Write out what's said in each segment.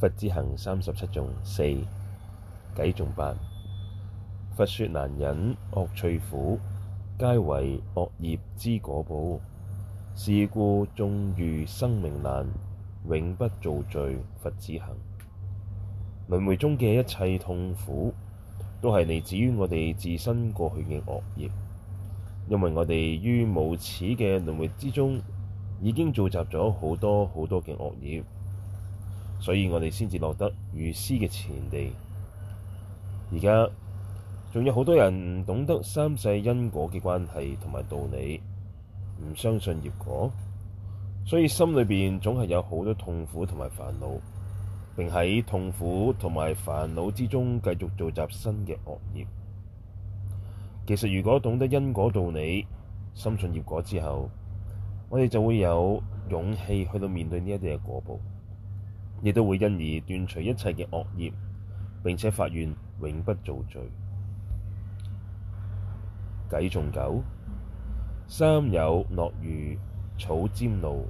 佛子行三十七頌四，偈頌八，佛說難忍惡趣苦，皆為惡業之果報，是故縱遇生命難，永不造罪佛子行。輪回中嘅一切痛苦，都係嚟自於我哋自身過去嘅惡業，因為我哋於無始嘅輪回之中，已經造集咗好多好多嘅惡業。所以我哋先至落得如斯嘅田地。而家仲有好多人唔懂得三世因果嘅關係同埋道理，唔相信業果，所以心裏邊總係有好多痛苦同埋煩惱，並喺痛苦同埋煩惱之中繼續造集新嘅惡業。其實如果懂得因果道理，深信業果之後，我哋就會有勇氣去到面對呢一啲嘅果報。亦都會因而斷除一切嘅惡業，並且發願永不造罪。偈頌九三有樂如草尖露，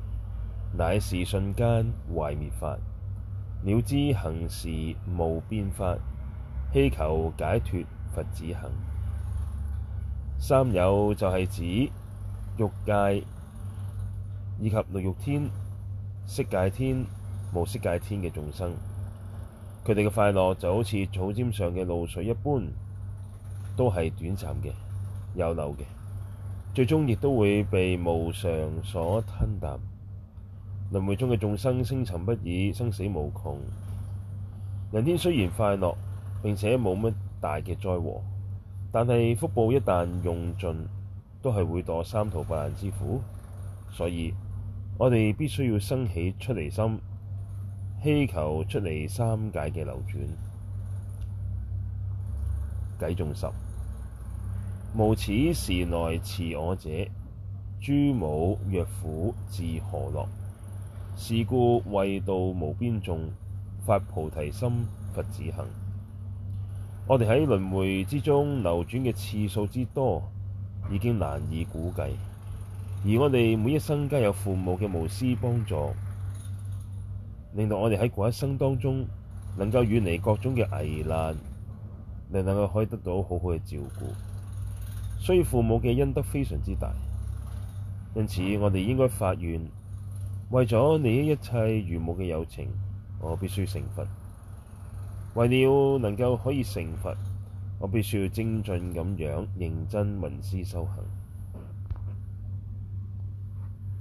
乃是瞬間壞滅法。了知恆時無變法，希求解脫佛子行。三有就係指欲界以及六欲天、色界天、無色界天嘅眾生，佢哋嘅快樂就好似草尖上嘅露水一般，都係短暫嘅、有漏嘅，最終亦都會被無常所吞噬。輪迴中嘅眾生，升沉不已，生死無窮。人天雖然快樂，並且冇乜大嘅災禍，但係福報一旦用盡，都係會墮三途八難之苦。所以，我哋必須要生起出離心。希求出離三界嘅流轉。偈頌十：「無始時來慈我者，諸母若苦自何樂？是故為度無邊眾，發菩提心，佛子行。我哋喺輪回之中流轉嘅次數之多，已經難以估計。而我哋每一生皆有父母嘅無私幫助。令到我哋喺過一生當中能夠遠離各種嘅危難，令能夠可以得到好好嘅照顧。所以父母嘅恩德非常之大，因此我哋應該發願，為咗利益一切如母嘅有情，我必須成佛。為了能夠可以成佛，我必須要精進咁樣認真聞思修行。